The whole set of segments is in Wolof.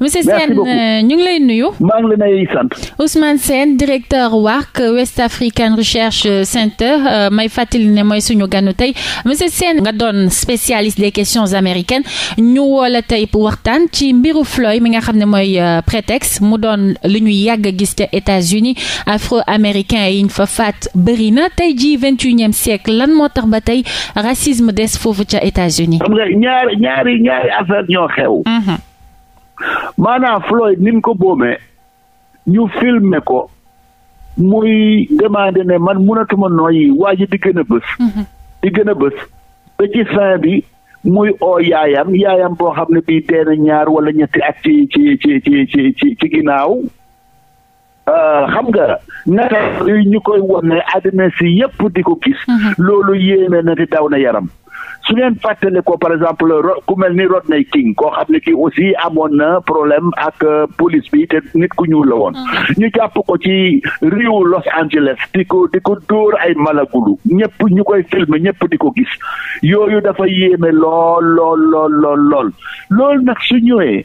monsieur Sène euh, ñu ngi lay nuyu. maa ngi lay sant. Ousmane directeur WARC West African Research Center euh, may fàttali ne mooy suñu ganu tey monsieur Sène nga doon de des questions américaines ñu woola tey pu waxtaan ci mbiru floy mi nga xam ne mooy euh, prétexte mu doon lu ñuy yàgg gis ca États-Unis afro-américain yi ñu fa faat bëri na tey jii vingt et unième lan moo tax ba tey racisme des foofu ca États-Unis. xam nga ñaari ñaari xew. Mhm. maanaam Floyd nin ko boomee ñu filmer ko muy demandé ne man mënatuma nooyi waa ji di gëna a bës mhm. di gën a bës ba ci fin bi muy oo yaayam yaayam boo xam ne bii teena ñaar wala ñetti at ci ci ci ci ci ci ginnaaw Euh, xam nga naka yi ñu koy wan ne àddina si yépp di ko gis. Mhm. loolu yéeme na te daw na yaram. su ngeen fàttale ko par exemple ku mel ni Rodney King koo xam ne kii aussi amoon na problème ak euh, police bi te nit ku ñuul la woon mhm. ñu jàpp ko ci réewu Los Angeles di ko di ko dóor ay malagulu ñëpp ñu koy filmer ñëpp di ko gis yooyu dafa yéeme lool lool lool lool lool lool nag su ñëwee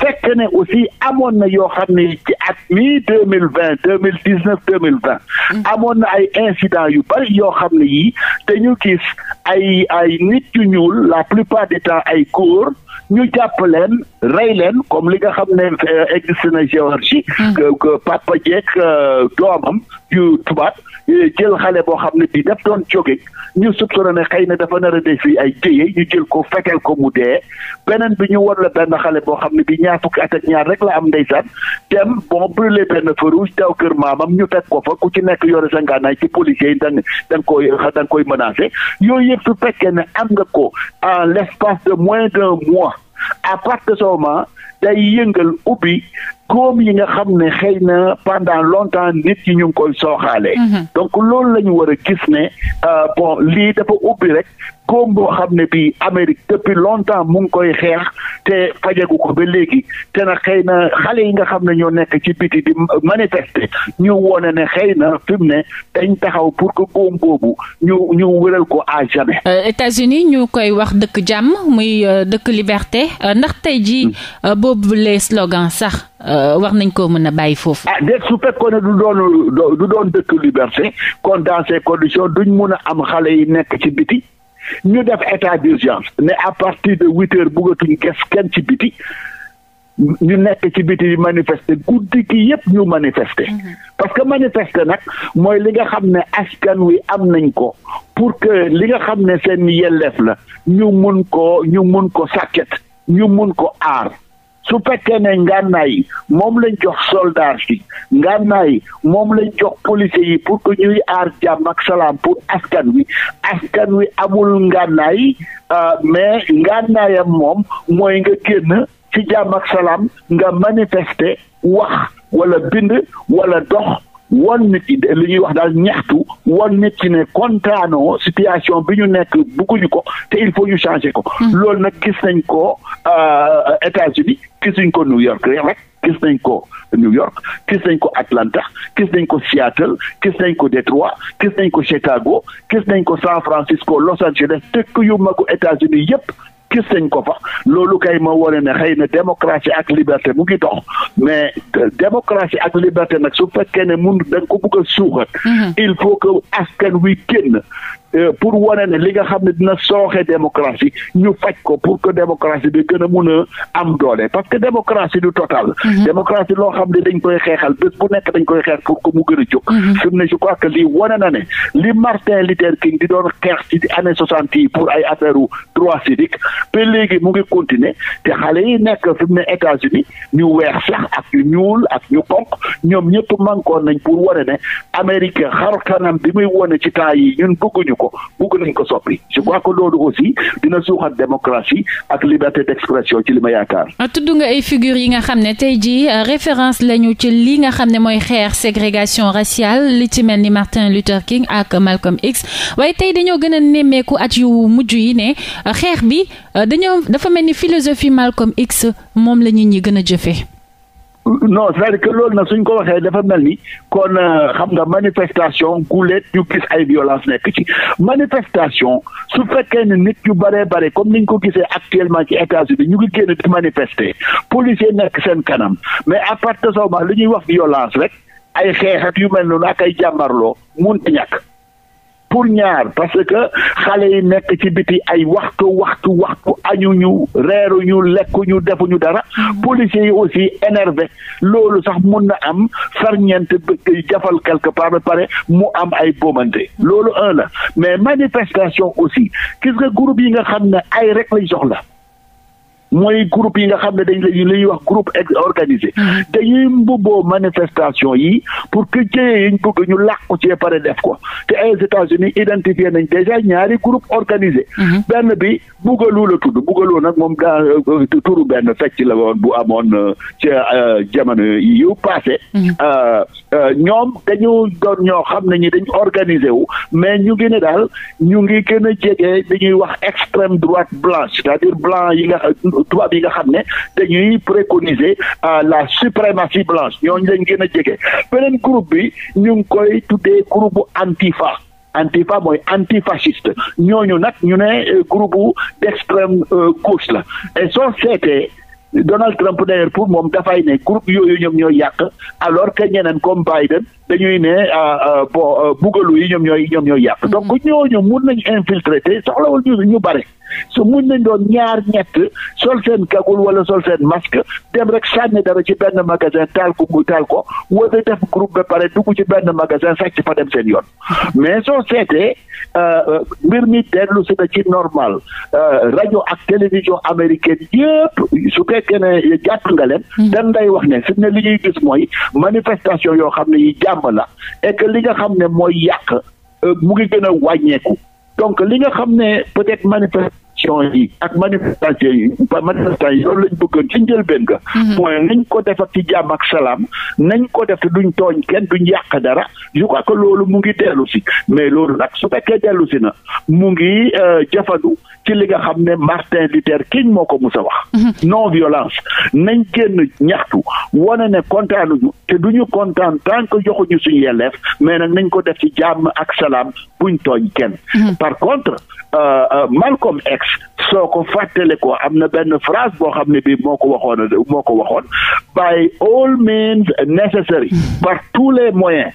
fekk ne aussi amoon na yoo xam ne ci at mi deux mille vingt deux mille dix neuf deux mille vingt mm. amoon na ay incidents yu bari yoo xam ne yii dañu gis ay ay nit yu ñuul la plupart du temps ay góor ñu jàpp leen rey leen comme li nga xam ne euh, existe na Géorgie mm. que Papa Diek euh, doomam yu tubaab jël xale boo xam ne bii daf doon jóge ñu soupçonné ne xëy na dafa nar def fii ay jéye ñu jël ko fekkeel ko mu dee beneen bi ñu war la benn xale boo xam ne bi ñaar fukki at ñaar rek la am ndeysaan dem bon brûlé benn feu rouge daw kër maamam ñu fekk ko fa ku ci nekk yore sa ngànnaay ci policier yi da nga koy da nga koy menacé yooyu yëpp su fekkee ne am nga ko en l' espace de moins d' un à partir de ce day yëngal ubbi góom yi nga xam ne xëy na pendant longtemps nit ñi ñu ngi koy sooxaale mhm. donc loolu la ñu war a gis ne euh, bon li dafa ubbi rek koom boo xam ne bii Amérique depuis longtemps mu ngi koy xeex te fajagu ko ba léegi te na xëy na xale yi nga xam ne ñoo nekk ci biti di manifester ñu wone ne xëy na fi ne dañ taxaw pour que koom boobu ñu ñu wëral ko à jamais. Euh, États-Unis ñu koy wax dëkk jàmm muy euh, dëkk liberté euh, ndax tey jii mm. boobu les slogans sax. wax nañ ko mën a bàyyi foofu. ah déet su fekkoon ne du doon du doon dëkk liberté kon dans ces conditions duñ mun a am xale yi nekk ci biti ñu def état d'urgence ne à parti de huit heures bëggatuñ kenn ci biti ñu nekk ci biti yi manifester guddi gi yépp ñu manifester mhm. parce que manifester nag mooy li nga xam ne askan wi am nañ ko pour que li nga xam ne seen yelleef la ñu mun ko ñu mun ko sàkket ñu mun ko aar su fekkee ne ngànnaay moom lañ jox soldat yi ngànnaay moom lañ jox policiers yi pour que ñuy aar jàmm ak salaam pour askan wi askan wi amul ngànnaay euh, mais ngànnaayam moom mooy nga génn ci jàmm ak salaam nga manifester wax wala bind wala dox wan nit li ñuy wax daal ñaxtu wan nit ne kontaanoo situation bi ñu nekk bëgguñu ko te il faut ñu changer ko. Hmm. loolu nag gis nañ ko euh, États-Unis gis nañ ko New York rek gis nañ ko New York gis nañ ko Atlanta gis nañ ko Seattle gis nañ ko de Detroit gis nañ ko Chicago gis nañ ko San Francisco Los Angeles dëkk yu magu États-Unis yépp gis nañ ko fa loolu kay ma wone ne xëy na démocratie ak liberté mu ngi dox mais euh, démocratie ak liberté nag su fekkee ne mun da nga ko bëgg a suuxat mm-hmm. il faut que askan wi Euh, pour wane ne li nga xam ne dina sooxe démocratie ñu faj ko pour que démocratie bi gën a mun a am doole parce que démocratie du total. Mhm. démocratie loo xam ne dañ koy xeexal bés bu nekk dañ koy xeex pour que mu gën a jóg. Mhm. fi ne je crois que lii wane na ne li Martin Luther King di doon xeex ci année soixante yi pour ay affaire u droit civique léegi mu ngi continuer te xale yi nekk fi mu ne États-Unis ñu weex sax ak ñu ñuul ak ñu konk ñoom ñëpp mankoon nañ pour ko bugg nañ ko soppi je crois que loolu aussi dina suuxat démocratie ak liberté d'expression ci li ma yaakaar. Ah, tudd nga ay figures yi nga xam ne tey jii euh, référence lañu ci li nga xam ne mooy xeex ségrégation raciale li ci mel ni Martin Luther King ak Malcolm X waaye tey dañoo gën a nemmeeku at yu mujj yi ne euh, xeex bi euh, dañoo dafa mel ni philosophie Malcolm X moom la nit ñi gën a jëfee. non c'est-à-dire que loolu nag suñ ko waxee dafa mel ni kon euh, xam nga manifestation guleet ñu gis ay violence nekk ci manifestation su fekkee ne nit ñu baree bare comme ni ñu ko gisee actuellement ci États-Unis ñu ngi génn di manifester policier nekk seen kanam mais à partir de ce li ñuy wax violence rek ay xeex yu mel noonu ak ay jàmbarloo mun a ñàkk pour ñaar parce que xale yi nekk ci biti ay waxtu waxtu waxtu añuñu reeruñu lekkuñu defuñu dara hmm. policiers yi aussi énervé loolu sax mun na am farñeent bëgg jafal quelque part ba pare mu am ay bomante hmm. loolu un la mais manifestation aussi gis nga groupe yi nga xam ne ay rek lañ soxla mooy groupe yi nga xam ne dañ lañu la ñuy wax groupe organisé mm-hmm. dañuy mbubboo manifestation yi pour que jëyee yiñ bëgg ñu làqu ci pare def ko te ay États-Unis identifié nañ déjà ñaari groupe organisé mm-hmm. benn bi buggaloo la tudd buggaloo nag moom daa euh, turu benn fecc la woon bu amoon euh, ci euh, jamono yu passé mm-hmm. ñoom dañu doon ñoo xam ne ñi dañ organisé wu mais ñu ngi ne daal ñu ngi gën a jege dañuy wax extrême droite blanche c'est-à-dire blanc yi nga tubaab yi nga xam ne te dañuy préconiser euh, la suprématie blanche ñooñu lañ gën a jege beneen groupe bi ñu ngi koy tuddee groupe bu antifa antifa mooy antifasciste ñooñu nag ñu ne euh, groupe d'extrême euh, gauche la et soo seetee Donald Trump d'ailleurs pour moom dafay ne groupe yooyu ñoom ñoo yàq alors que ñeneen comme Biden dañuy ne bon bugalu yi ñoom ñooy ñoom ñooy yàq mm-hmm. donc ñooñu mun nañ infiltrer soxlawul ñu ñu bare su muñ nañ doon ñaar ñett sol seen kagul wala sol seen masque dem rek sànni dara ci benn magasin taal ko taal ko wala def groupe ba pare dugg ci benn magasin sàcc fa dem seen yoon mais soo seetee euh, mbir mi dellu si na ci normal euh, rajo ak télévision américaine yëpp su fekkee ne jàpp nga leen hmm. dañ lay wax ne fi ne li ñuy gis mooy manifestation yoo xam ne yi jàmm la et li nga xam ne mooy yàq euh, mu ngi gën a wàññeeku donc li nga xam ne peut-être manifestation yi ak manifestation yi manifestation yi loolu lañ bëggoon ci njëlbeen ga mhm. mooy nañ ko def ak ci jàmm ak salaam nañ ko def te duñ tooñ kenn duñ yàq dara je crois que loolu mu ngi dellu si mais loolu nag su fekkee dellu si na mu ngi euh, jafandu ci li nga xam ne Martin Luther King moo ko mus a wax. Mhm. non violence nañ génn ñaxtu wane ne kontaanuñu te du ñu kontaan tant que joxuñu suñu yelleef mais nag nañ ko def ci jàmm ak salaam buñ tooñ kenn. Mhm. par contre euh, euh, Malcolm X soo ko fàttale ko am na benn phrase boo xam ne bii moo ko waxoon moo ko waxoon by all means necessary mhm. par tous les moyens.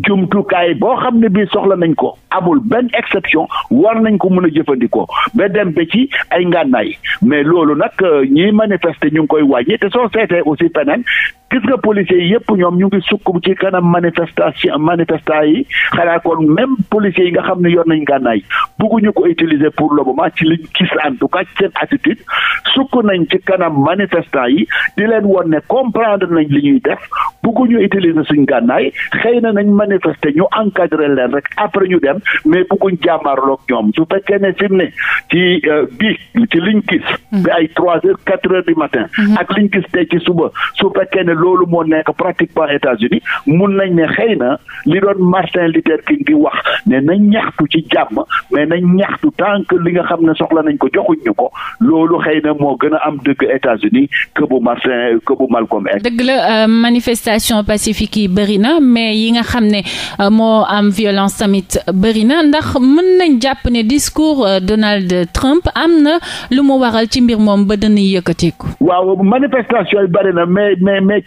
jumtukaay boo xam ne bii soxla nañ ko amul benn exception war nañ ko mën a jëfandikoo ba dem ba ci ay ngànnaay mais loolu nag euh, ñiy manifester ñu ngi koy wàññi te soo seetee aussi feneen gis nga policiers yëpp ñoom ñu ngi sukk ci kanam manifestation manifestant yi xanaa kon même policiers yi nga xam ne yor nañ gànnaay bugguñu ko utiliser pour le moment ci liñ gis en tout cas seen attitude sukk nañ ci kanam manifestant yi di leen woon ne comprendre nañ li ñuy def bugguñu utiliser suñ gànnaay xëy na nañ manifester ñu encadrer leen rek après ñu dem mais bugguñ jàmmaarloog ñoom su fekkee ne fi mu ne ci euh, bii ci liñ gis. Mm. ba ay trois heures quatre heures du matin. Mm-hmm. ak liñ gis tey ci suba su fekkee ne loolu moo nekk pratiquement États-Unis mun nañ ne xëy na li doon Martin Luther King di wax ne nañ ñaxtu ci jàmm mais nañ ñaxtu tant que li nga xam ne soxla nañ ko joxuñ ñu ko loolu xëy na moo gën a am dëgg États-Unis que bu Martin que bu Malcolm dëgg la euh, manifestation pacifique yi bëri na mais yi nga xam ne euh, moo am violence tamit bëri na ndax mën nañ jàpp ne discours euh, Donald Trump am na lu mu waral ci mbir moom ba dana yëkkateeku. waaw manifestation yi bëri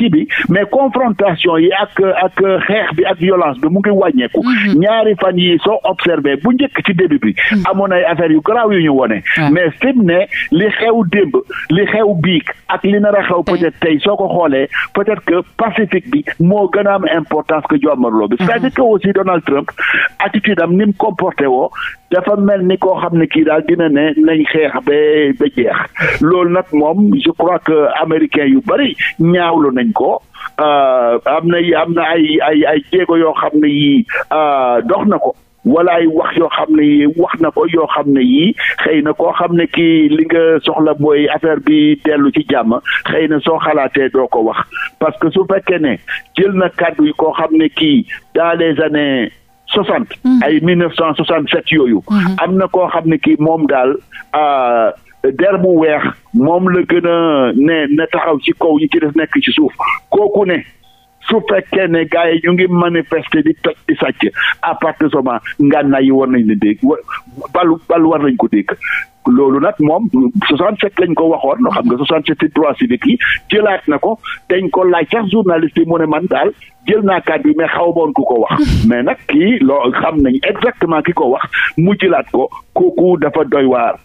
kii bi mais confrontation yi ak ak xeex bi ak violence bi mu ngi wàññeeku. Mhm. ñaari fan yi soo observé bu njëkk ci début bi. Mhm. amoon ay affaires yu garaaw yu ñu wone mais fi ne li xew démb li xew biig ak li nar xew peut tey soo ko xoolee peut-être que pacifique bi moo gën a am importance que jommarloo bi. Mhm. c'est-à-dire aussi Donald Trump attitude am ni mu woo dafa mel ni koo xam ne kii daal dina ne nañ xeex ba ba jeex loolu nag moom je crois que américain yu bari ñaawlu nañ ko euh, am na am na ay ay ay jéego yoo xam ne yii euh, dox na ko wala ay wax yoo xam ne yii wax na ko yoo xam ne yii xëy na koo xam ne kii li nga soxla booy affaire bi dellu ci jàmm xëy na soo xalaatee doo ko wax parce que su fekkee ne jël na kàddu yi koo xam ne kii dans les soixante. Hmm. ay mille neuf cent soixante sept yooyu. Hmm. am na koo xam ne kii moom daal. Ah, der bu weex moom la gën a ne na taxaw ci kaw ñu ci def nekk ci suuf kooku ne su fekkee ne gars yi ñu ngi manifester di toj di sàcc à partir de ce moment yi war nañ la dégg wa bal bal war nañ ko dégg loolu nag moom 67 lañ ko waxoon xam nga 67 ci droit civique yi jëlaat na ko dañ ko laaj sax journaliste yi mu ne man daal jël naa kàddu yi mais xaw woon ku ko wax. mais nag kii loo xam nañ exactement ki ko wax mu jëlaat ko ku kooku dafa doy waar.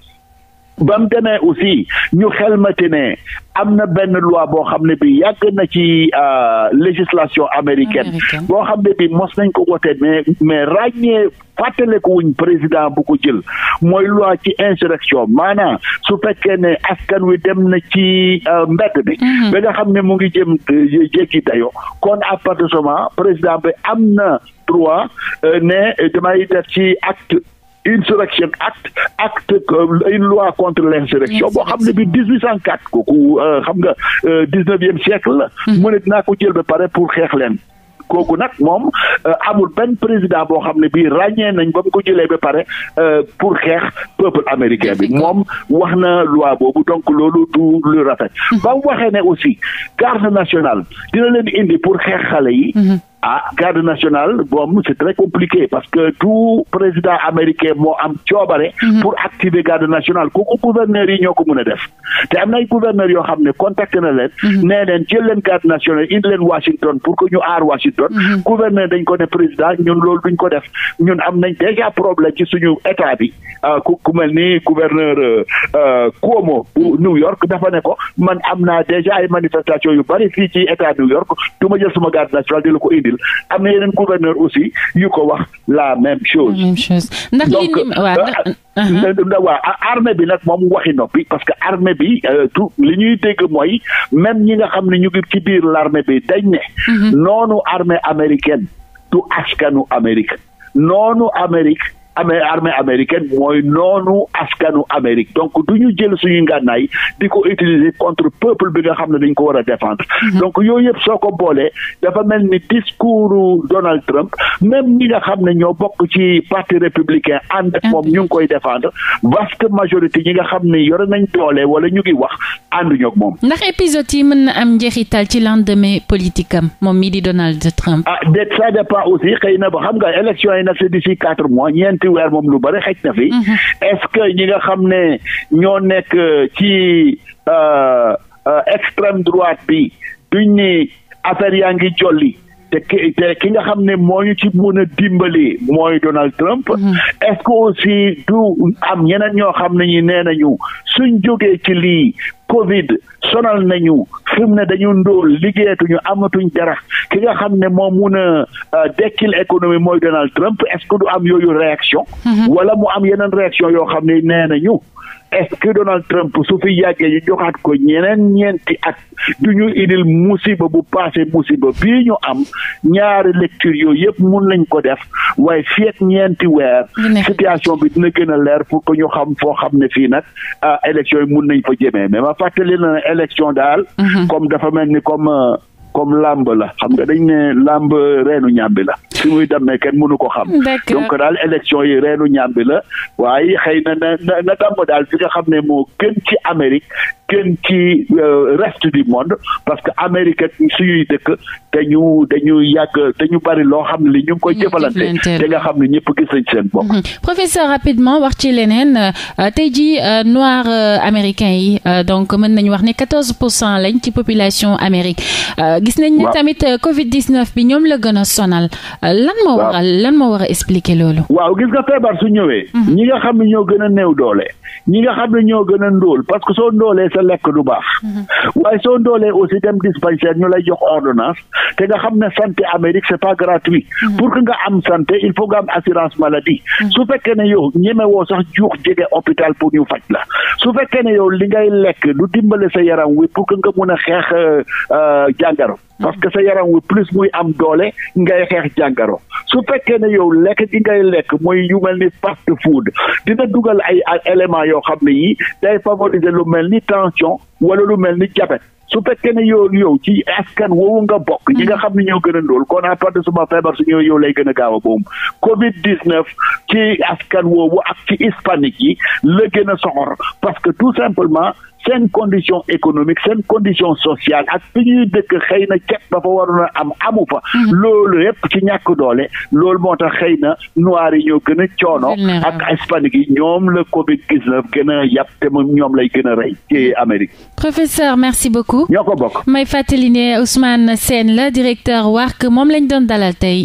ba mu demee aussi ñu xelmate ne am na benn loi boo xam ne bi yàgg na ci euh, législation américaine boo xam ne bi mos nañ ko wote mais mais ràññee fàttaleku wuñ président bu ko jël mooy loi ci insurrection maanaam su fekkee ne askan wi dem na ci euh, mbedd bi mhm. ba nga xam ne mu ngi jëm euh, jéggi dayo kon à de ce président bi am na droit ne damay def ci acte insurrection acte acte ay loi contre l'insurrection boo xam ne bi dix huit cent quatre kooku euh, xam nga euh, dix neuvième siècle la hmm. mu ne ko jël ba pare pour xeex leen kooku nag moom euh, amul benn président boo xam ne bii ràññee nañ ba mu ko jëlee ba pare pour xeex peuple américain bi moom wax na loi boobu donc loolu du lu rafet hmm. ba mu waxee ne aussi garde nationale dina leen indi pour xeex xale yi hmm. ah garde national boobu c' est très compliqué parce que tout président américain moo am coobare. Mhm. pour activer garde national kooku gouverneur yi ñoo ko mun a def. te am na ay yoo xam ne contacté na leen. Mhm. nee leen jël leen garde nationale indi leen Washington pour que ñu aar Washington. Mhm. gouverneur dañ ko ne président ñun loolu duñ ko def ñun am nañ déjà problème ci suñu état bi euh, ku ku mel ni gouverneur euh, euh, Cuomo bu New York dafa ne ko man am naa déjà ay manifestations yu bari fii ci état New York ma jël suma garde nationale di la ko indi. am na yeneen gouverneur aussi yu ko wax la même chose. la même chose ndax li waaw armée bi nag moom waxi noppi parce que armée bi tout euh, li ñuy dégg mooy même ñi nga xam ne ñu ngi ci biir l'armée bi dañ ne. Mm-hmm. noonu armée américaine du askanu Amérique noonu Amérique. amee armée américaine mooy noonu askanu Amérique donc du ñu jël suñu ngànnaay di ko utiliser contre peuple bi nga xam ne dañ ko war a défendre. Mhm. donc yooyu yëpp soo ko boolee dafa mel ni discours Donald Trump même ñi nga xam ne ñoo bokk ci parti républicain ànd ak moom ñu ngi koy défendre vaste majorité ñi nga xam ne yore nañ doole wala ñu ngi wax ànduñu ak moom. ndax épisode yi mën na am njeexital ci lendemain politique am moom mii di Donald Trump. ah déet ça xëy na ba xam nga élection yi nag c'est mois ñeent ñetti weer moom lu bari xëj na fi. Mhm. est que ñi nga xam ne ñoo nekk euh, ci euh, euh, extrême droite bi duñ ni affaire yaa ngi jolli. te ki te ki nga xam ne moo ñu ci mën a dimbali mooy Donald Trump. Mhm. est-ce que aussi du am ñeneen ñoo xam ne ñu nee nañu suñ jógee ci lii Covid sonal nañu fi mu ne dañu ndóol liggéeyatuñu amatuñ dara ki nga xam ne moom mun a euh, dekkil économie mooy Donald Trump est-ce que du am yooyu réaction mm-hmm. wala mu am yeneen réaction yoo xam ne nee nañu est-ce que Donald Trump su fi yàggee ñu joxaat ko ñeneen ñeenti at du ñu indil musiba bu passé musiba bii ñu am ñaari lecture yooyu yëpp mun nañ ko def waaye fii ñeenti weer situation bi dina gën a leer pour que ñu xam foo xam ne fii nag ah élection yi mun nañ fa jëmee mais ma fàttali na élection daal mhm. comme dafa mel ni comme euh, comme làmb la xam nga dañ ne làmb reenu ñàmbi la fi muy demee kenn mënu koo xam. donc daal élection yi reenu ñaam bi la waaye xëy na na na damm daal fi nga xam ne moo gën ci Amérique. kenn ci euh, reste du monde parce que Amérique ak suñuy dëkk dañu dañu yàgg dañu bari loo xam ne li ñu ngi koy jëfalante te nga xam ne ñëpp gis nañ seen bopp. Mm-hmm. professeur rapidement wax ci leneen euh, tey jii euh, noir américain yi donc mën nañu wax ne 14 pour cent lañ ci population Amérique. gis nañ ne tamit Covid 19 bi ñoom la gën a sonal. lan moo waral lan moo war a expliquer loolu. waaw gis nga feebar su ñëwee. Mm-hmm. ñi nga xam ne ñoo gën a néew doole. ñi nga xam ne ñoo gën a ndóol parce que soo ndóolee sa lekk du baax. Mhm. waaye soo ndoolee aussi dem dispensaire ñu lay jox ordonnance te nga xam ne santé Amérique c'est pas gratuit. Mhm. pour que nga am santé il faut nga am assurance maladie. Mhm. su fekkee ne yow ñemewoo sax juux jege hôpital pour ñu faj la su fekkee ne yow li ngay lekk du dimbale sa yaram wi pour que nga mun a xeex euh, euh, jàngaro. parce que sa yaram wi plus muy am doole ngay xeex jàngaro su fekkee ne yow lekk gi ngay lekk mooy yu mel ni fast food dina dugal ay éléments yoo xam ne yi day favoriser lu mel ni tension wala lu mel ni diabète su fekkee ne yow yow ci askan woowu nga bokk ñi nga mm-hmm. xam ne ñoo gën a ndóol kon à partir suma feebar suñu yow lay gën a gaaw a boom covid 19 ci askan woowu ak ci hispanique yi la gën soxor parce que tout simplement seen condition économique seen condition sociale ak fi ñuy dëkk xëy na ceeb ba waroon a am amu fa mhm. loolu yëpp ci ñàkk doole loolu moo tax xëy na noir yi ñoo gën a coono ak hispanique yi ñoom la covid 19 gën a yàpp te moom ñoom lay gën a rey ci Amérique professeur merci beaucoup ñoo ko bokk may fàttali ne Ousmane la directeur WARC moom lañ doon dalal tey